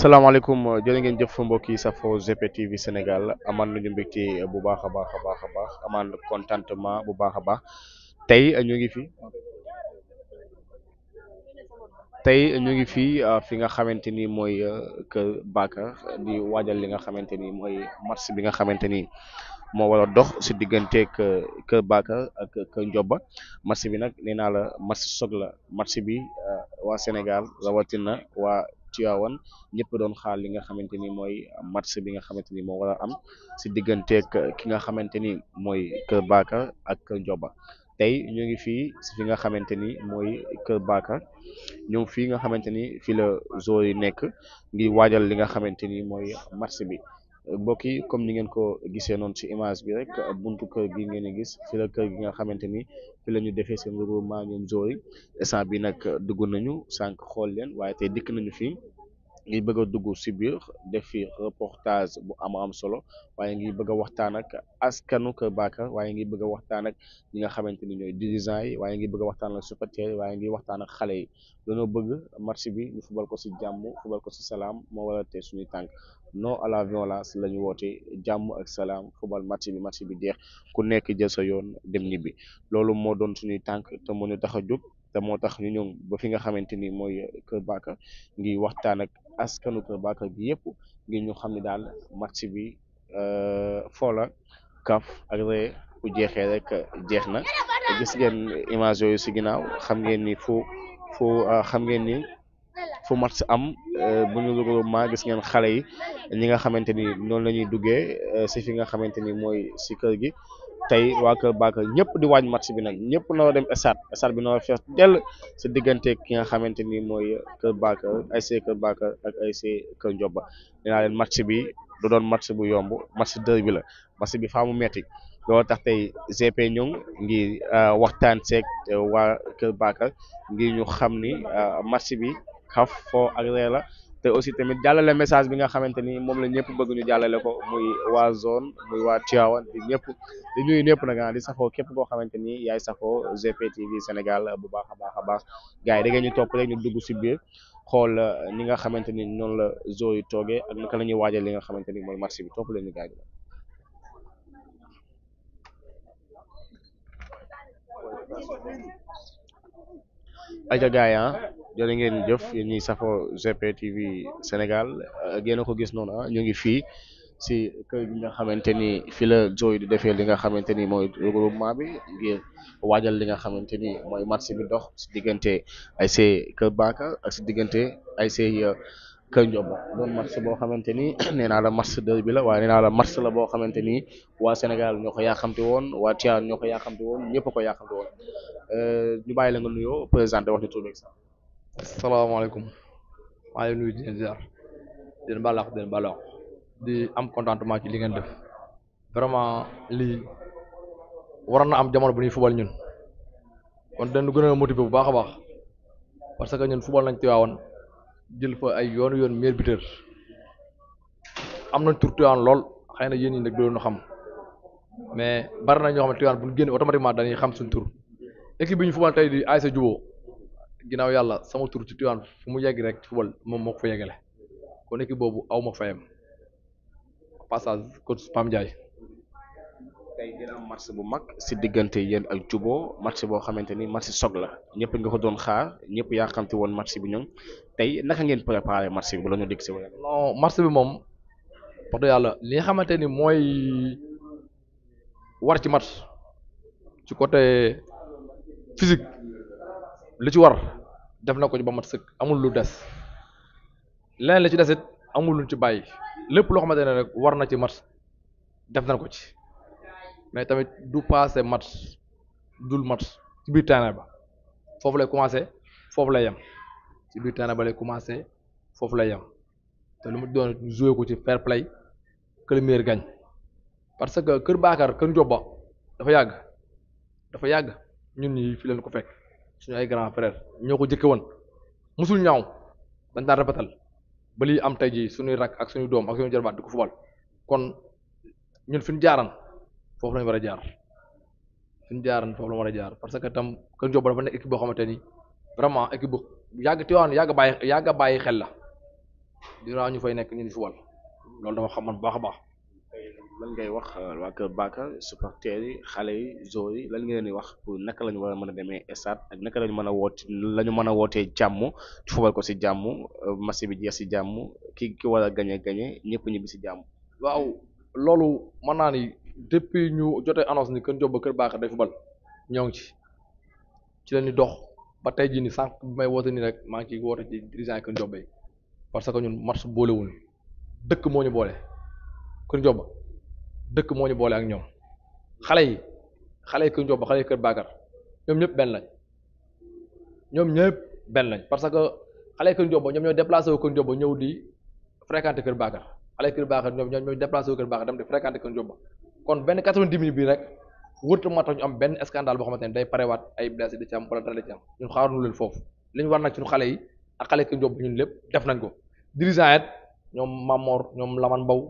salaamaaleykum jërë ngeen jëf mbokk yi safo GP TV Sénégal amaan nañu mbégte bu baax a baax a baax a baax amaan contentement bu baax a baax tey ñu ngi fi tey ñu ngi fi ah, fi nga xamante ni mooy ah, Kër Bakar di waajal li nga xamante ni mooy marché bi nga xamante ni. moo war dox si diggante kë kër Bakar ak kër Ndioba match bi nag nee la match soog la match bi euh, waa Sénégal rawatina waa Tivaouane ñëpp doon xaal li nga xamante ni mooy match bi nga xamante ni moo war am si diggante ki nga xamante ni mooy kër Bakar ak kër Ndioba tey ñu ngi fii si fi nga xamante ni mooy kër Bakar ñoom fii nga xamante ni fii la joueurs yi nekk ngi waajal li nga xamante ni mooy match bi. mbokk yi comme ni ngeen ko gisee noonu ci image bi rek buntu kër gi ngeen gis fi la kër gi nga xamante ni fi la ñu defee seen regroupement ñoom Zoey instant bi nag dugg nañu sànq xool leen waaye tey dikk nañu fi ngi bëgg a dugg si biir def fi reportage bu am am solo waaye ngi bëgg a waxtaan ak askanu Kër Bakar waaye ngi bëgg a waxtaan ak ñi nga xamante ni ñooy dirigeant yi waaye ngi bëgg waxtaan ak supporters yi waaye ngi waxtaan ak xale yi dañoo bëgg marché bi ñu ko si jàmm ko si salaam moo wala tey suñuy tànk non à la violence la ñu woote jàmm ak salaam fubal match bi match bi jeex ku nekk jël sa yoon dem ñibbi loolu moo doon suñuy tànk te moo ñu tax a jóg te moo tax ñu ñëw ba fi nga xamante ni mooy Kër bàkka ngi waxtaan ak askanu Kër Baaka bi yëpp ngir ñu xam ne daal match bi euh, foola kaf ak ree bu jeexee rek jeex na gis ngeen image yooyu si ginnaaw xam ngeen ni fu fu euh, xam ngeen nii fu match am euh, bu ñu regroupement gis ngeen xale yi ñi nga xamante ni noonu la ñuy duggee euh, si fi nga xamante ni mooy si kër gi tey waa kër Bakar ñëpp di waaj match bi nag ñëpp na dem stade stade bi na fees dell si diggante ki nga xamante ni mooy kër Bakar ay see kër Bakar ak ay see kër Njoba dinaa leen match bi du doon match bu yomb match dër bi la match bi faamu metti loolu tax tey GP ñëw ngir euh, waxtaan seeg waa kër Bakar ngir ñu xam ni match bi kaf foo ak la te aussi tamit jàllale message bi nga xamante ni moom la ñëpp bëgg ñu jàllale ko muy waa zone muy waa Tivaouane di ñëpp di ñuy ñëpp nag ah, di safoo képp koo xamante ni yaay safoo GP TV Sénégal bu baax a baax a baax gars yi da ngeen ñu topp rek ñu dugg si biir xool euh, ni nga xamante ni noonu la zoo yu toogee ak naka la ñuy waajal li nga xamante ni mooy match bi topp leen ñu gars yi ayca jërë ngeen jëf yéen ñi safoo GP TV Sénégal yéen a ko gis noonu ah ñu ngi fii si kër gi nga xamante ni fi la jooy di defee li nga xamante ni mooy regroupement bi ngir waajal li nga xamante ni mooy match bi dox si diggante ay see kër Bakar ak si diggante ay see euh, kër Ndioba doon match boo xamante ni nee naa la match bi la waaye nee naa la match la boo xamante ni waa Sénégal ñoo ko yaaxamti woon waa Thiar ñoo ko yaaxamti woon ñëpp a ko yaaxamti woon euh, ñu bàyyi la nga nuyoo présenté wax ni sax salaamaaleykum maa ngi nuyu di leen ziar di leen baal di am contentement ci li ngeen def vraiment lii waroon na am jamono bu ñuy fubal ñun kon dañu gën a motiver bu baax a baax parce que ñun fubal nañ Tiwaawan jël fa ay yoonu yoon meilleur buteur am nañ tur Tiwaawan lool xëy na yéen ñi nag du xam mais bari na ñoo xam ne Tiwaawan bu ñu génn automatiquement dañuy xam suñ tur équipe bi ñu fubal tey di ASC Juboo ginnaaw yàlla sama tur ci Tivaouane fu mu yegg rek football moom moo ko fa yeggale kon équipe boobu aw ma fayam passage coach Pam Ndiaye. match bu mag si diggante yéen ak Jubo match boo xamante ni match sog la ñëpp nga ko doon xaar ñëpp yaa xamti woon match bi ñoom tey naka ngeen préparé match bi bu la ñu dig si wala. non bi moom yàlla li nga xamante ni mooy war ci match ci côté physique. lu ci war def na ko ci ba mat sëkk amul lu des leneen la ci desit amul lu ci bàyyi lépp loo xamante ne rek war na ci mat def nañ ko ci mais tamit du passé mat dul mat ci biir terrain ba foofu lay commencé foofu lay yem ci biir terrain ba lay commencé foofu lay yem te lu mu doon joué ko ci fair play que le meilleur parce que kër Bakar kër Ndiob ba dafa yàgg dafa yàgg ñu ñi fi leen ko fekk. suñu ay grand frère ñoo ko jëkke woon musul ñaaw dañ daan rafetal ba lii am tey jii suñuy rakk ak suñuy doom ak suñuy jarbaat di ko fubal kon ñun fi ñu jaaran foofu lañu war a jaar fi ñu jaaran foofu la war a jaar parce que tam Kër Ndiobal dafa nekk équipe boo xamante ni vraiment équipe bu yàgg Tivaouane yàgg bàyyi yàgg bàyyi xel la dinaa ñu fay nekk ñu di fubal loolu dama xamoon bu baax a baax lan ngay wax euh, waa Kër Baka supporters yi xale yi joueurs yi lan ngeen di wax pour naka la ñu war a mën a demee stade ak naka la ñu mën a woote la ñu mën a wootee jàmm fubal ko ci jàmm euh, match bi jeex ci jàmm ki ki war a gañe gañe ñëpp ñibbi ci jàmm. waaw loolu mën naa ni depuis ñu jotee annonce ni Kër Jóob ba Kër Baka day fubal ñoo ngi ci ci la dox ba tey ji ni sànq bi may woote nii rek maa ngi ciy woote ci dirigeant Kër Jóob parce que ñun match boolewul dëkk moo ñu boole Kër Jóob dëkk moo ñu boole ak ñoom xale yi xale yi kër Ndiob xale kër Bakar ñoom ñëpp benn lañ ñoom ñëpp benn lañ parce que xale yi kër Ndiob ñoom ñooy déplacé wu kër Ndiob ñëw di fréquenté kër Bakar xale yi kër Bakar ñoom ñooy déplacé wu kër Bakar dem di fréquenté kër Ndiob kon benn 90 minutes bii rek wërta moo tax ñu am benn scandale boo xamante ne day parewaat ay blessé di ci am wala ñun foofu li ñu war nag suñu xale yi ak xale yi kër lépp def nañ ko dirigeant et ñoom Mamor ñoom Laman Mbaw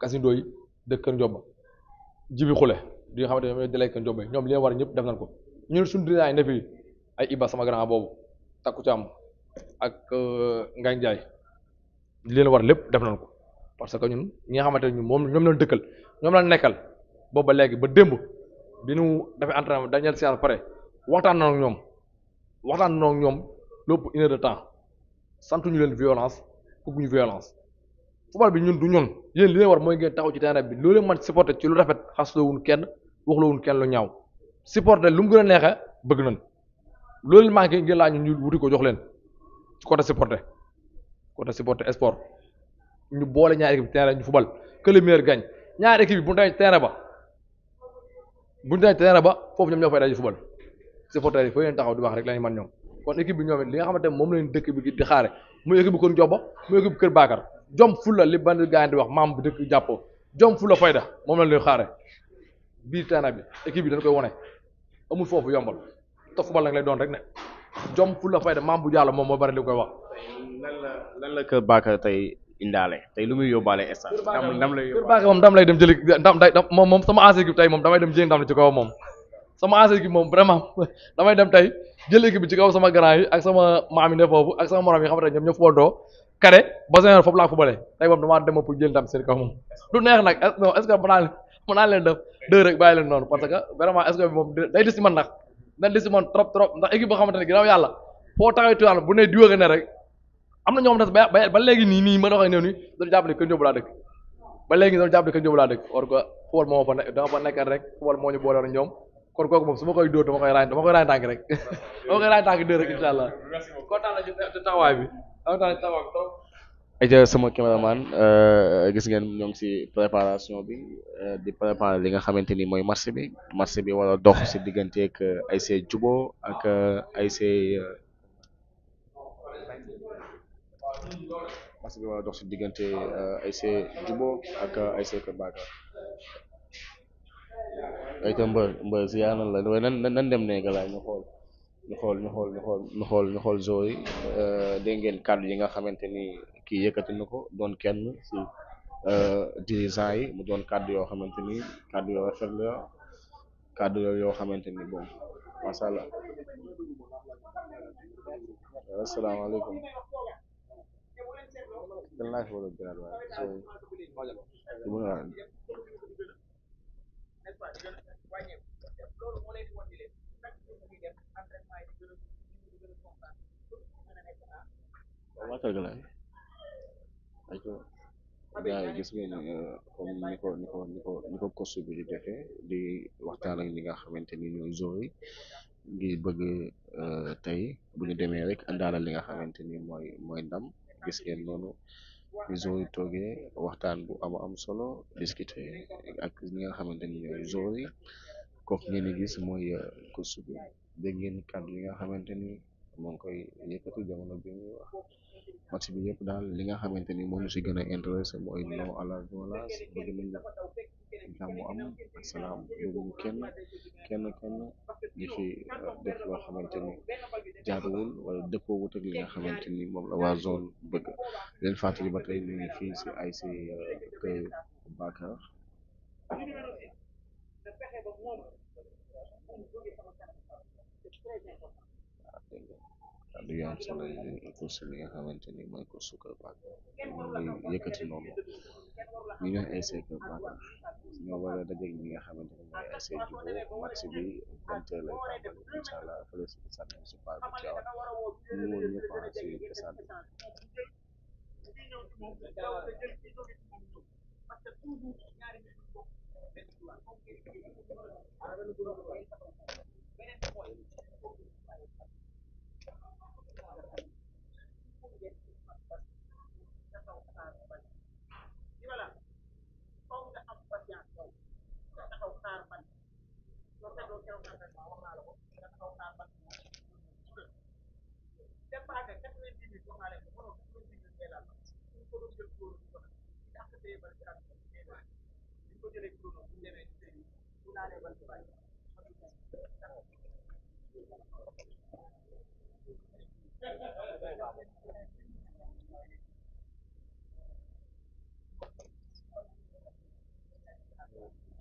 Kasindooy dëkk Kër Ndiobba jibi xule di nga xamante ñoom dalay Kër Ndiobba ñoom li ko ñun suñu dinaay ne fi ay Iba sama grand boobu takku ci am ak euh, Ngagne Ndiaye li leen war lépp def nañ ko parce que ñun nga xamante ne ñun moom ñoom lañ dëkkal ñoom lañ nekkal boobu ba léegi ba démb bi ñu defee entraînement dañeel séance pare waxtaan na ak ñoom waxtaan ñoom lépp une santuñu leen violence bëgguñu violence. football bi ñun du ñun yéen li leen war mooy ngeen taxaw ci terrain bi loolu man supporter ci lu rafet xasloowun kenn waxloowun kenn lu ñaaw supporter lu mu gën a bëgg nañ loolu manqué ngeen laa ñu ñu wuti ko jox leen ci côté supporter côté supporter sport ñu boole ñaari ñu football que le meilleur gagne ñaari équipe bu ñu demee terrain ba bu ñu demee ba foofu ñoom ñoo fay daje football supporter yi foo leen taxaw di wax rek lañu man ñoom kon équipe bi ñoom it li nga xamante moom leen dëkk bi di xaare muy équipe bi kër Ndiobo muy équipe bi kër Bakar jom fulla li bandi gaay wax maam bu dëkk jàpp jom fulla fayda moom la ñuy xaare biir terrain bi équipe bi dañ koy wone amul foofu yombal te football nag lay doon rek ne jom fulla fayda maam bu jàll moom moo bari li koy wax. lan la lan la tey indaale tey lu muy yóbbaale instant. ndam lay yóbbaale Kër Baaka moom ndam dem jëli ndam day moom moom sama ancienne équipe tey moom damay dem jëli ndam ci kaw moom sama ancienne équipe moom vraiment damay dem tey jëli équipe bi ci kaw sama grand yi ak sama maam yi ne foofu ak sama morom yi xamante ne ñoom ñoo doo kare basin yoon foofu laa ko bële tey moom damaa dem pour jël ndam seen kaw moom du neex nag non est ce que mën naa leen mën naa leen def deux rek bàyyi leen noonu parce que vraiment est ce que moom day dis si man nag na dis si man trop trop ndax équipe boo xamante ne ginnaaw yàlla foo taxawee tuwaan bu ne diwa ne rek am na ñoo xam ne ba ba léegi nii nii ma doxee néew nii dañu jàppale kër Njóobu laa dëkk ba léegi dañu jàppale kër Njóobu laa dëkk or que football moo fa ne dama fa nekkat rek football moo ñu boole woon ñoom kon kooku moom su ma koy dóor dama koy raay dama koy raay tànk rek dama koy raay tànk deux rek incha allah kontaan na ci taxawaay bi aja sama cameraman gis ngeen ñoo ngi si préparation bi di préparer li nga xamante ni mooy marché bi marché bi wala dox si digganteeg ay see jubo ak ay see marché bi war a dox jubo ak ay see Kër Bakar ay ta mbër mbër si yaa nan la nan dem ne laay ñu xool ñu xool ñu xool ñu xool ñu xool ñu xool Zoé euh, kàddu yi nga xamante ni kii yëkkati na ko doon kenn si euh, dirigeant yi mu doon kàddu yoo xamante ni kàddu yoo rafet kàddu yoo xamante ni bon macha allah euh, asalaamaaleykum kan laa fi war a biraat waaye gaay gis ngeen euh, ni ko ni bi di defee di waxtaan ak ñi nga xamante ni ñooy joueurs yi ngir bëgg euh, tey bu demee rek àndaala li nga xamante ni mooy mooy ndam gis ngeen noonu ñu toogee waxtaan bu am am solo discuter ak ñi nga xamante ni ngeen di mooy euh, coach bi dégg ngeen kàddu yi nga xamante ni moo koy yëkkati jamono bi muy wax match bi yëpp daal li nga xamante ni moom si gën a intéressé mooy non à la kenn kenn kenn di fi euh, loo xamante ni jaaduwul wala dëppoo wut nga xamante ni moom la waa zone bëgg leen fàttali ba tey ñu ngi si ay si euh, kër Bakar li nga am solo course li nga xamante ni mooy course Suckerback moom lay yëkkati noonu ñi ñooy ASC Suckerback ñoo war a dajeeg ñi nga xamante ni mooy ASC Jubo match bi vingt heures lay tàmbali incha allah fële si stade municipal bu Tivaouane ñu woon ñëpp si stade bi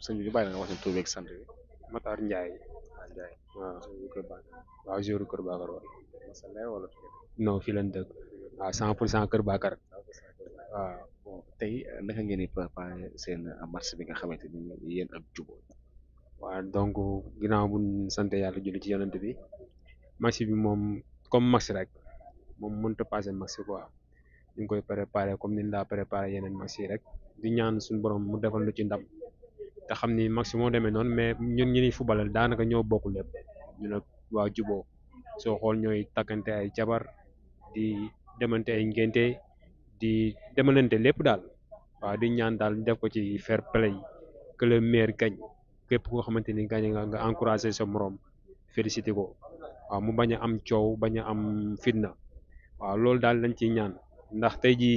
sëñ bi ñu bàyyi la nga wax ñu tur beeg Matar Ndiaye. Matar Ndiaye waaw kër Bakar waaw jour kër Bakar waaw. wala. non dëkk waaw cent pour cent kër Bakar. waaw bon tey naka ngeen di préparé seen match bi nga xamante ni yéen ak jubóo. waaw donc ginnaaw bu ñu sant yàlla julli ci yonent bi match bi moom comme match rek moom mënut a passé match quoi ñu ngi koy préparé comme ni ñu daa préparé yeneen match yi rek di ñaan suñu borom mu defal lu ci ndam. te xam ni maximum demee noonu mais ñu ñu ni footballal daanaka ñoo bokk lépp ñu nag waa juboo soo xool ñooy takkante ay jabar di demante ay ngénte di demalante lépp daal waaw di ñaan daal def ko ci fair play que le meilleur képp koo xamante ni gagne nga nga encouragé sa morom félicité ko waaw mu bañ am coow bañ a am fitna waaw loolu daal lañ ciy ñaan ndax tey ji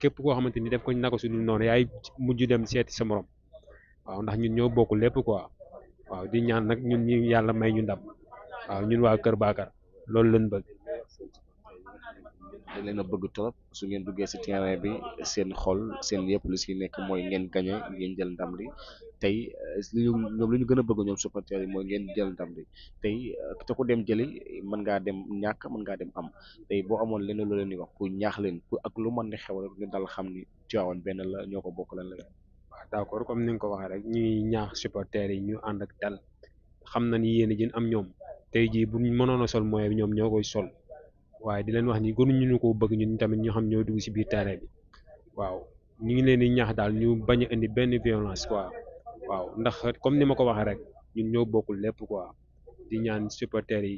képp koo xamante ni def ko naka su dul noonu yaay mujj dem seeti sa morom. waaw ndax ñun ñoo bokk lépp quoi waaw di ñaan nag ñun ñi yàlla may ñu ndam waaw ñun waa Kër Bakar loolu lañ bëgg. da leen a bëgg trop su ngeen duggee si terrain bi seen xool seen yëpp lu si nekk mooy ngeen gañe ngeen jël ndam li tey li ñu ñoom ñu gën a bëgg ñoom supporters yi mooy ngeen jël ndam li tey te ku dem jëli mën ngaa dem ñàkk mën ngaa dem am tey boo amoon lenn loo leen di wax ku ñaax leen ku ak lu mën ne xew rek ñu dal xam ni Tivaouane benn la ñoo ko bokk lan la. waaw d' comme ni nga ko waxee rek ñuy ñaax supporters yi ñu ànd ak dal xam na ni yéen a jën am ñoom tey jii bu mënoon a sol mooy ñoom ñoo koy sol waaye di leen wax ni gënuñu ñu ko bëgg ñun tamit ñu xam ñoo dugg si biir terrain waaw ñu ngi leen di ñaax daal ñu bañ indi benn violence quoi waaw ndax comme ni ma ko waxee rek ñun ñoo bokkul lépp quoi di ñaan supporters yi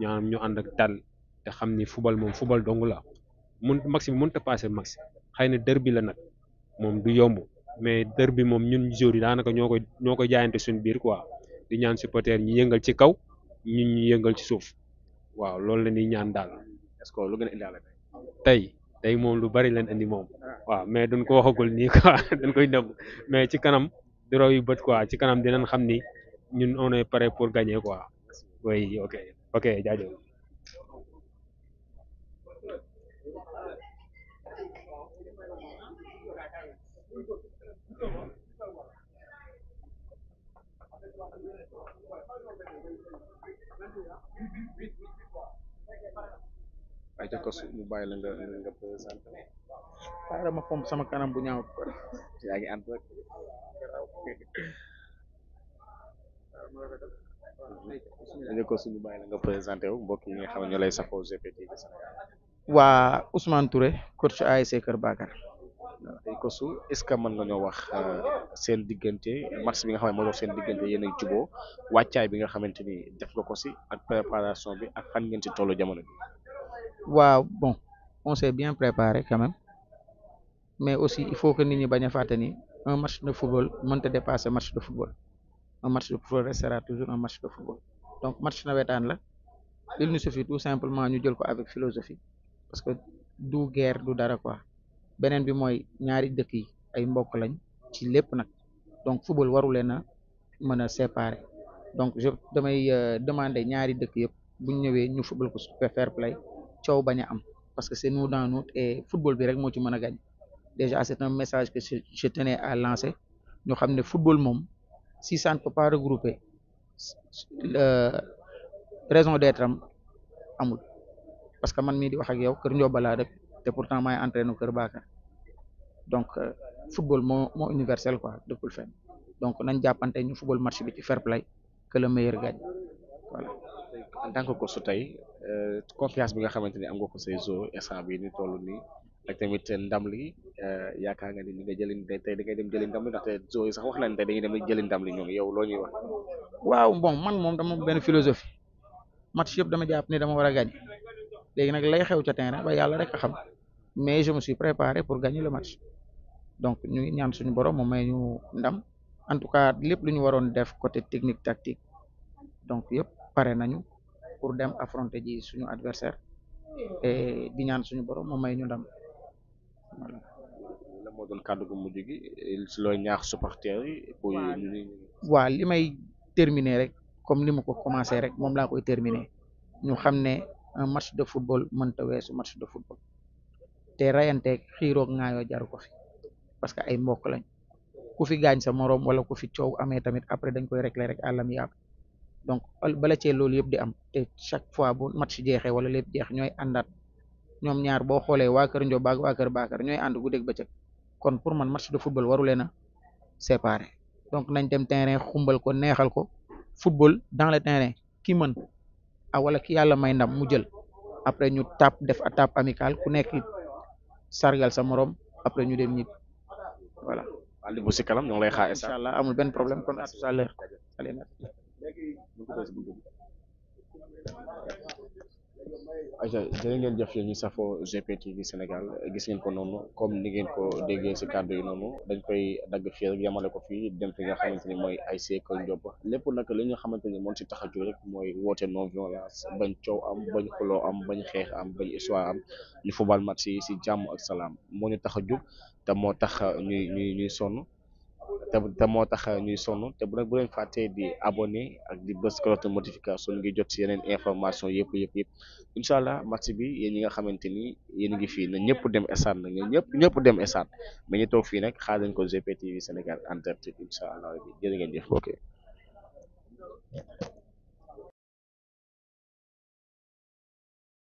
ñaan ñu ànd ak dal te xam ni football moom football dong la mun max bi mënut a passé max xëy na bi la nag moom du yomb. mais dër bi moom ñun joueurs yi daanaka ñoo koy ñoo koy jaayante suñu biir quoi di ñaan supporter ñu yëngal ci kaw ñun ñu yëngal ci suuf waaw loolu la ñuy ñaan daal. est que lu gën a tey tey moom lu bari leen indi moom. waaw mais duñ ko waxagul nii quoi dañ koy nëbb mais ci kanam du raw yu bët quoi ci kanam dinañ xam ni ñun on est pour gagner quoi. oui ok ok jaajëf. ayca kos ñu bàyyi la nga nga présenté xaaral ma fomp sama kanam bu ñaaw ko rek yaa ngi kos présenté wu mbokk yi nga xam ne ñoo lay safoo GP TV Sénégal waa Ousmane Touré coach ASC Kër Bakar su est ce que man nga ñoo wax euh, seen diggante match bi nga xam ne moo dox seen diggante yéen ak juboo wàccaay bi nga xamante ni def nga ko si ak préparation bi ak fan ngeen si tollu jamono bi. waaw bon on s'est bien préparé quand même mais aussi il faut que nit ñi bañ a fàtte ni un match de football mënta dépasser match de football un match de football restera toujours un match de football donc match nawetaan la il nous suffit tout simplement ñu jël ko avec philosophie parce que du guerre du dara quoi. beneen bi mooy ñaari dëkk yi ay mbokk lañ ci lépp nag donc football waru leen a mën a séparer donc je damay euh, demander ñaari dëkk yëpp buñ ñëwee ñu football ko super fair play coow bañ am parce que c'est nous dans football bi rek moo ci mën a gañ déjà c'est un message que je tenais à lancer ñu xam ne football moom si ça ne peut pas regrouper euh, raison d'être am amul parce que man mii di wax ak yow kër Ndiob laa rek te pourtant maay entraîneur kër Bakar donc euh, football moo moo universel quoi dëkkul fenn donc nañ jàppante ñu football match bi ci fair play que le meilleur gagne voilà. en tant tey euh, confiance bi nga xamante ni am nga ko say joueurs instant bi ni toll nii ak tamit ndam li euh, yaakaar nga ni nga jëli tey ngay dem jëli ndam li ndaxte joueurs yi sax wax nañ tey dañuy dem jëli ndam li ñoom yow loo ñuy wax. waaw bon man moom dama benn philosophie match yëpp dama jàpp ni dama war a gagner léegi nag lay xew ca terrain ba yàlla rek a xam mais je me pour gagner le donc ñu ngi ñaan suñu borom mu may ñu ndam en tout cas lépp lu ñu waroon def côté technique tactique donc yëpp pare nañu pour dem affronter ji suñu adversaire et di ñaan suñu borom mu may ñu ndam voilà. la moo ñaax supporters yi. waaw li may terminer rek comme ni ma ko commencé rek moom la koy terminer ñu xam ne un match de football mënta weesu match de football te rayanteeg xiiroog ngaayoo jaru fi. parce que ay mbokk lañ ku fi gaañ sa moroom wala ku fi coow amee tamit après dañ koy régler rek àllam yàlla donc bala cee loolu yëpp di am te chaque fois bo match jeexee wala lépp jeex ñooy àndaat ñoom ñaar boo xoolee waa kër Ndiob ak waa kër Bakar ñooy ànd guddeeg bëccëg kon pour man match de football waru leen a séparer donc nañ dem terrain xumbal ko neexal ko football dans le terrain ki man ah wala ki yàlla may ndam mu jël après ñu tap def a tap amical ku nekk sargal sa moroom après ñu dem voilà. waaw bu si kanam ñu ngi lay xaar incha allah amul benn problème kon à tout aja jërë jox jëf yéen ñi safo GPTV Sénégal gis ngeen ko noonu comme ni ngeen ko déggee si kàddu yi noonu dañ koy dagg fii rek yamale ko fii dem fi nga xamante ni mooy ay seekal njob lépp nag li nga xamante ni moom si tax a jóg rek mooy woote non violence bañ coow am bañ xuloo am bañ xeex am bañ histoire am ñu football match yi si jàmm ak salaam moo ñu tax a jóg te moo tax ñuy ñuy sonn te moo tax euh, ñuy sonn te bu nag bu leen fàttee di abonné ak di bës cloche de notification ngi jot si yeneen information yëpp yëpp yëpp incha allah match bi yéen ñi nga xamante ni yéen ngi fii na ñëpp dem stade nag ñëpp ñëpp dem stade mais ñu toog fii nag xaar leen ko GP TV Sénégal en direct incha allah jërë ngeen jëf